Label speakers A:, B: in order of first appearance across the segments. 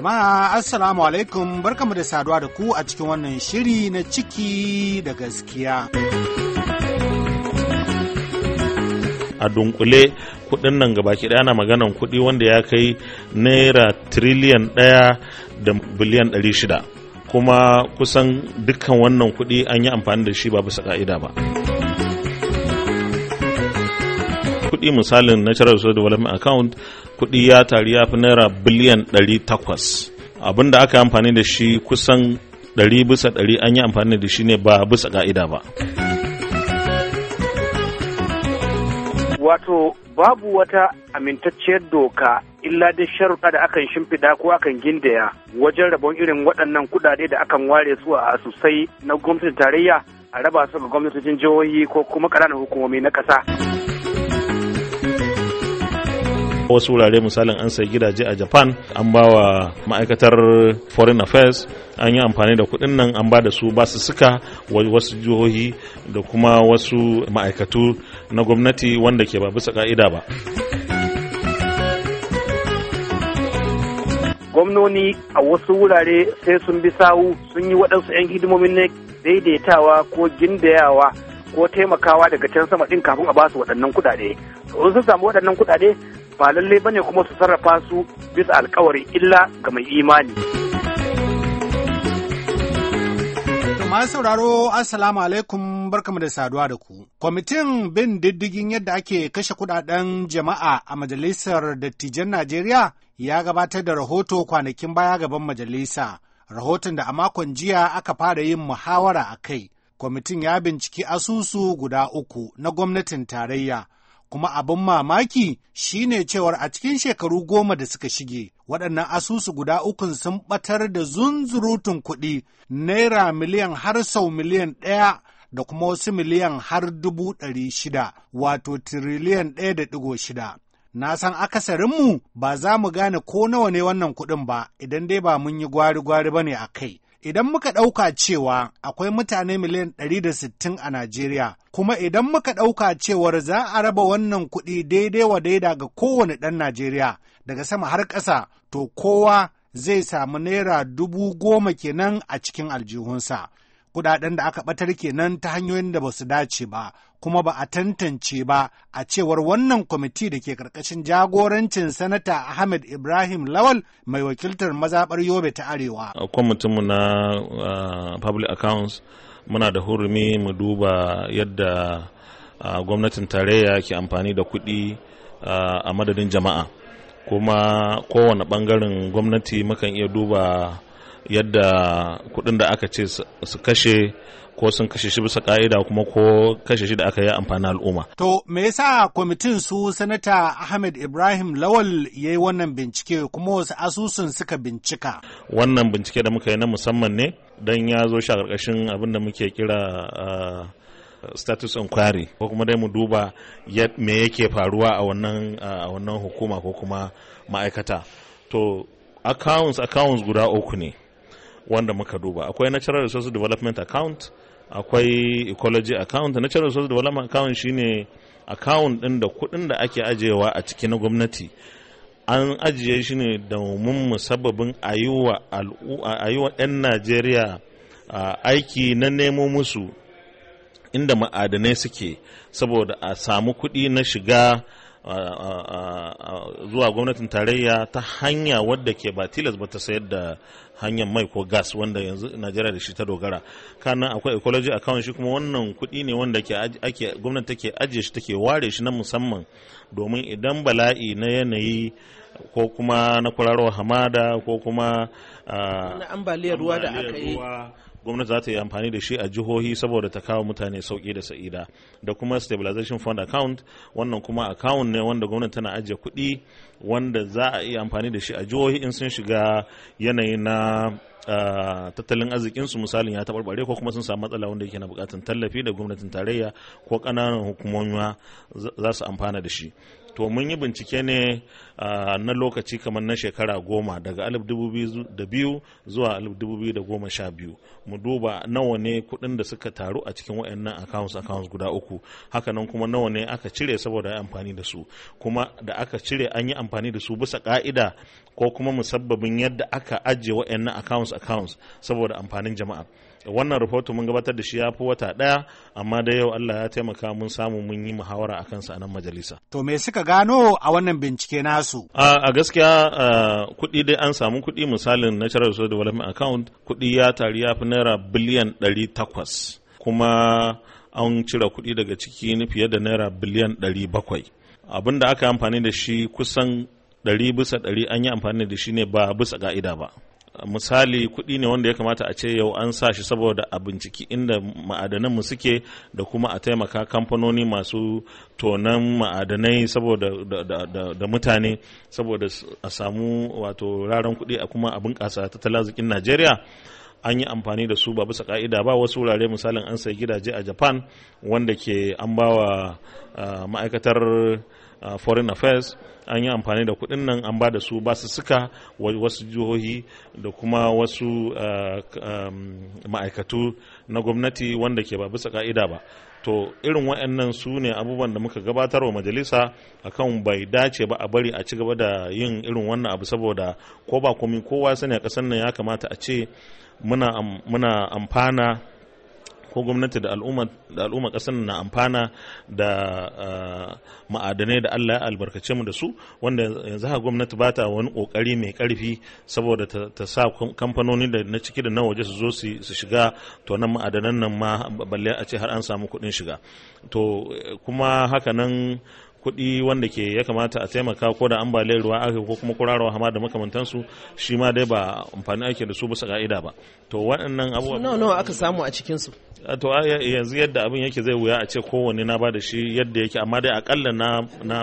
A: Jama'a Assalamu alaikum barkamu da saduwa da ku a cikin wannan shiri na ciki da gaskiya.
B: A dunkule kudin nan gabaki daya na maganan kudi wanda ya kai naira triliyan daya da biliyan ɗari shida kuma kusan dukkan wannan kudi an yi amfani da shi ba bisa ka'ida ba. kuɗi misalin natural resource development account kuɗi ya tari ya fi naira biliyan 800 abin da aka yi amfani da shi kusan 100 bisa 100 an yi amfani da shi ne ba bisa ka'ida ba
C: wato babu wata amintacciyar doka illa da sharuɗa da akan shimfiɗa ko akan gindaya wajen rabon irin waɗannan kuɗaɗe da akan ware su a asusai na gwamnatin tarayya a raba su ga gwamnatocin jihohi ko kuma ƙananan hukumomi na ƙasa.
B: wasu wurare misalin an sayi gidaje a japan an ba wa ma'aikatar foreign affairs an yi amfani da kuɗin nan an ba da su ba su suka wasu jihohi da kuma wasu ma'aikatu na gwamnati wanda ke ba bisa ka'ida ba
C: gwamnoni a wasu wurare sai sun bi sawu sun yi waɗansu 'yan hidimomin na daidaitawa ko gindayawa ko taimakawa daga can sama ɗin kafin a basu waɗannan kuɗaɗe in sun samu waɗannan kuɗaɗe ba lalle bane kuma su sarrafa su bisa alkawari illa ga mai imani
A: masu sauraro assalamu alaikum barkamu da saduwa da ku kwamitin bin diddigin yadda ake kashe kudaden jama'a a majalisar dattijan najeriya ya gabatar da rahoto kwanakin baya gaban majalisa rahoton da a makon jiya aka fara yin muhawara a kai kwamitin ya binciki asusu guda uku na gwamnatin tarayya kuma abin mamaki shi ne cewar a cikin shekaru goma da suka shige waɗannan asusu guda ukun sun ɓatar da zunzurutun kuɗi naira miliyan har sau miliyan ɗaya da kuma wasu miliyan har dubu ɗari shida wato tiriliyan ɗaya da ɗigo shida. Na san akasarinmu ba za mu gane ko nawa ne wannan kuɗin ba idan dai ba mun yi gwari-gwari ba ne a kai. Idan muka ɗauka cewa akwai mutane miliyan ɗari da sittin a Najeriya, kuma idan muka ɗauka cewar za a raba wannan kuɗi daidai wa daida ga kowane ɗan Najeriya daga sama har ƙasa, to kowa zai samu naira dubu goma kenan a cikin aljihunsa. Kuɗaɗen da aka ɓatar kenan ta hanyoyin da ba su dace ba, kuma ba a tantance ba a cewar wannan kwamiti da ke karkashin jagorancin sanata ahmed ibrahim lawal mai wakiltar mazaɓar yobe ta arewa
B: kwamitinmu na public accounts muna da hurumi mu duba yadda gwamnatin tarayya ke amfani da kuɗi a madadin jama'a kuma kowane ɓangaren gwamnati mukan iya duba yadda kuɗin da aka ce su kashe ko sun kashe shi bisa ka'ida kuma ko kashe shi da aka yi amfani al'umma.
A: To me yasa kwamitin su sanata Ahmed Ibrahim Lawal ya yi wannan bincike kuma wasu asusun suka bincika?
B: Wannan bincike da muka yi na musamman ne don ya zo shi a ƙarƙashin abin da muke kira ah, status inquiry ko kuma dai mu duba me yake faruwa ah, a wannan hukuma ko kuma ma'aikata. To accounts accounts guda uku ne. wanda muka duba akwai natural resource development account akwai ecology account natural resource development account shine account din da kudin da ake ajiyewa a ciki na gwamnati an ajiye shi ne domin musabbabin ayuwa ayuwa 'yan najeriya aiki na nemo musu inda ma'adanai suke saboda a samu kuɗi na shiga zuwa gwamnatin tarayya ta hanya wadda ke ba tilas ba ta sayar da hanyar mai ko gas wanda yanzu najeriya da shi ta dogara kana akwai ecology account shi kuma wannan kuɗi ne wanda ake gwamnati take ajiye shi take ware shi na musamman domin idan bala'i na yanayi ko kuma na kwararwa hamada ko kuma ambaliyar ruwa da aka yi gwamnati za ta yi amfani da shi a jihohi saboda ta kawo mutane sauki da sa'ida da kuma stabilization fund account wannan kuma account ne wanda gwamnati tana ajiye kuɗi wanda za a yi amfani da shi a jihohi in sun shiga yanayi na tattalin arzikinsu misalin ya taɓarɓare ko kuma sun samu matsala wanda yake na buƙatar tallafi da gwamnatin tarayya ko ƙananan hukumomi za su amfana da shi to mun yi bincike ne na lokaci kamar na shekara goma daga 2002 zuwa 2012 mu duba nawa ne kuɗin da suka taru a cikin wayannan accounts accounts guda uku hakanan kuma nawa ne aka cire saboda amfani da su kuma da aka cire an yi amfani da su bisa ka'ida ko kuma musabbabin yadda aka ajiye wayannan accounts accounts saboda amfanin jama'a wannan rahoto mun gabatar da shi ya fi wata ɗaya amma da yau Allah ya taimaka mun samu mun yi muhawara a kansa a nan majalisa to me suka gano a wannan bincike nasu? A gaskiya kuɗi dai an samu kuɗi misalin Natural Resource Development Account kuɗi ya tari ya fi naira biliyan ɗari takwas kuma an cire kuɗi daga ciki fiye da naira biliyan ɗari bakwai. Abin da aka amfani da shi kusan ɗari bisa ɗari an yi amfani da shi ne ba bisa ga'ida ba. misali kuɗi ne wanda ya kamata a ce yau an sa shi saboda a binciki inda ma'adanan mu suke da kuma a taimaka kamfanoni masu tonan ma'adanai saboda da, mutane saboda a samu wato raran kuɗi a kuma a bunƙasa tattalin arzikin najeriya an yi amfani da su ba bisa ka'ida ba wasu wurare misalin an sayi gidaje a japan wanda ke an bawa ah, ma'aikatar foreign affairs an yi amfani da kuɗin nan an ba da su ba su suka wasu jihohi da kuma wasu um, ma'aikatu na gwamnati wanda ke ba bisa ka'ida ba to irin wa'annan su ne abubuwan da muka gabatar wa majalisa akan bai dace ba a bari a ci gaba da yin irin wannan abu saboda ko ba komi kowa sani a kasar nan ya kamata a ce muna amfana ko gwamnati da al'umma ƙasar na amfana da ah, ma'adanai da Allah ya albarkace mu da su wanda yanzu ha gwamnati ba ta wani kokari mai karfi saboda ta sa kamfanoni da na ciki da na waje su zo su shiga to nan ma'adanan nan ma balle a ce har an samu kuɗin shiga to eh, kuma haka nan kuɗi wanda ke ya kamata a taimaka ko da ambaliyar ruwa aka ko kuma kurarawa hama da makamantansu shi ma dai ba amfani ake da su bisa ka'ida ba to waɗannan abubuwa nawa nawa aka samu a cikin su to yanzu yadda abin yake zai wuya a ce kowanne na bada shi yadda yake amma dai akalla na na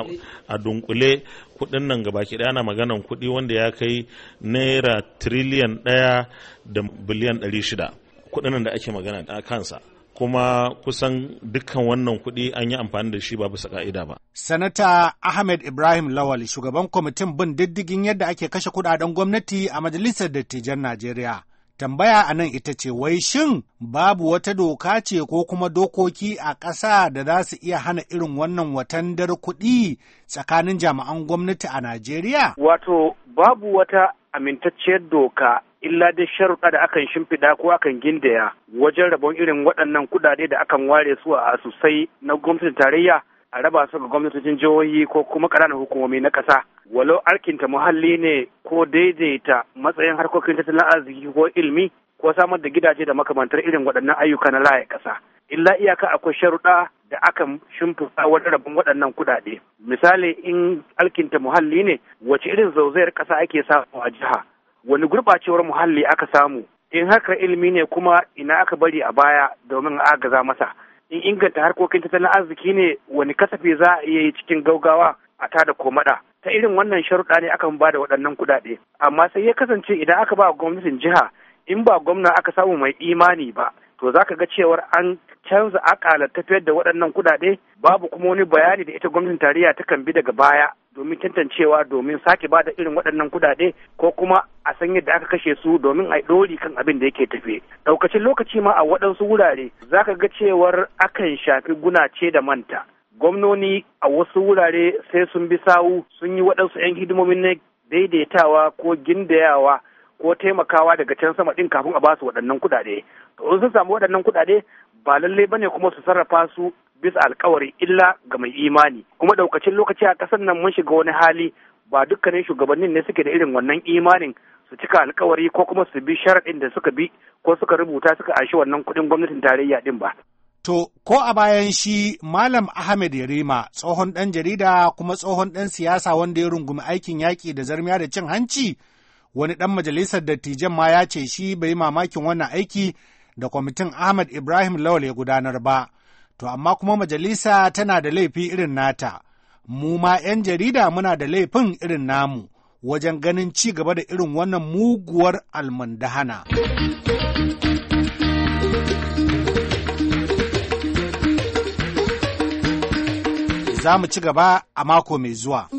B: a dunkule kuɗin nan baki ɗaya ana maganan kuɗi wanda ya kai naira tiriliyan ɗaya da biliyan ɗari shida kuɗin nan da ake magana a kansa kuma kusan dukkan wannan kuɗi an yi amfani da shi ba bisa ka'ida ba.
A: Sanata Ahmed Ibrahim Lawal shugaban kwamitin bin diddigin yadda ake kashe kuɗaɗen gwamnati a Majalisar Dattijan Najeriya. Tambaya a nan ita ce wai shin babu wata doka ce ko kuma dokoki a ƙasa da za su iya hana irin wannan watandar kuɗi tsakanin jami'an gwamnati a Najeriya?
C: Wato babu wata amintacciyar doka illa dai sharuɗa da akan shimfiɗa ko akan gindaya wajen rabon irin waɗannan kuɗaɗe da akan ware su a asusai na gwamnatin tarayya a raba su ga gwamnatocin jihohi ko kuma ƙananan hukumomi na ƙasa walau arkinta muhalli ne ko daidaita matsayin harkokin tattalin arziki ko ilmi ko samar da gidaje da makamantar irin waɗannan ayyuka na laye ƙasa illa iyaka akwai sharuɗa da aka shimfiɗa wani rabon waɗannan kuɗaɗe misali in alkinta muhalli ne wace irin zauzayar ƙasa ake samu a jiha wani gurɓacewar muhalli aka samu in harkar ilimi ne kuma ina aka bari a baya domin agaza masa in inganta harkokin tattalin arziki ne wani kasafi za a iya yi cikin gaugawa a tada komada ta irin wannan sharuɗa ne akan ba da waɗannan kuɗaɗe amma sai ya kasance idan aka ba gwamnatin jiha in ba gwamna aka samu mai imani ba to za ka ga cewar an canza akala tafiyar da waɗannan kuɗaɗe babu kuma wani bayani da ita gwamnatin tarayya takan bi daga baya domin tantancewa domin sake bada irin waɗannan kudade ko kuma a san yadda aka kashe su domin a ɗori kan abin da yake tafe ɗaukacin lokaci ma a waɗansu wurare za ka ga cewar akan shafi gunace da manta gwamnoni a wasu wurare sai sun bi sawu sun yi waɗansu 'yan hidimomin na daidaitawa ko gindayawa ko taimakawa daga can sama ɗin kafin a basu waɗannan kuɗaɗe to in sun samu waɗannan kuɗaɗe ba lallai bane kuma su sarrafa su bisa alkawari illa ga mai imani kuma ɗaukacin lokaci a kasar nan mun shiga wani hali ba dukkanin shugabannin ne suke da irin wannan imanin su cika alkawari ko kuma su bi sharaɗin da suka bi ko suka rubuta suka ashi wannan kuɗin gwamnatin tarayya din ba.
A: To, ko a bayan shi Malam Ahmed Yarima, tsohon ɗan jarida kuma tsohon ɗan siyasa wanda ya rungumi aikin yaƙi da zarmiya da cin hanci, wani ɗan majalisar dattijan ma ya ce shi bai mamakin wannan aiki da kwamitin Ahmed Ibrahim Lawal ya gudanar ba. to amma kuma majalisa tana da laifi irin nata, mu ma 'yan jarida muna da laifin irin namu wajen ganin ci gaba da irin wannan muguwar almundahana. Za mu ci gaba a mako mai zuwa.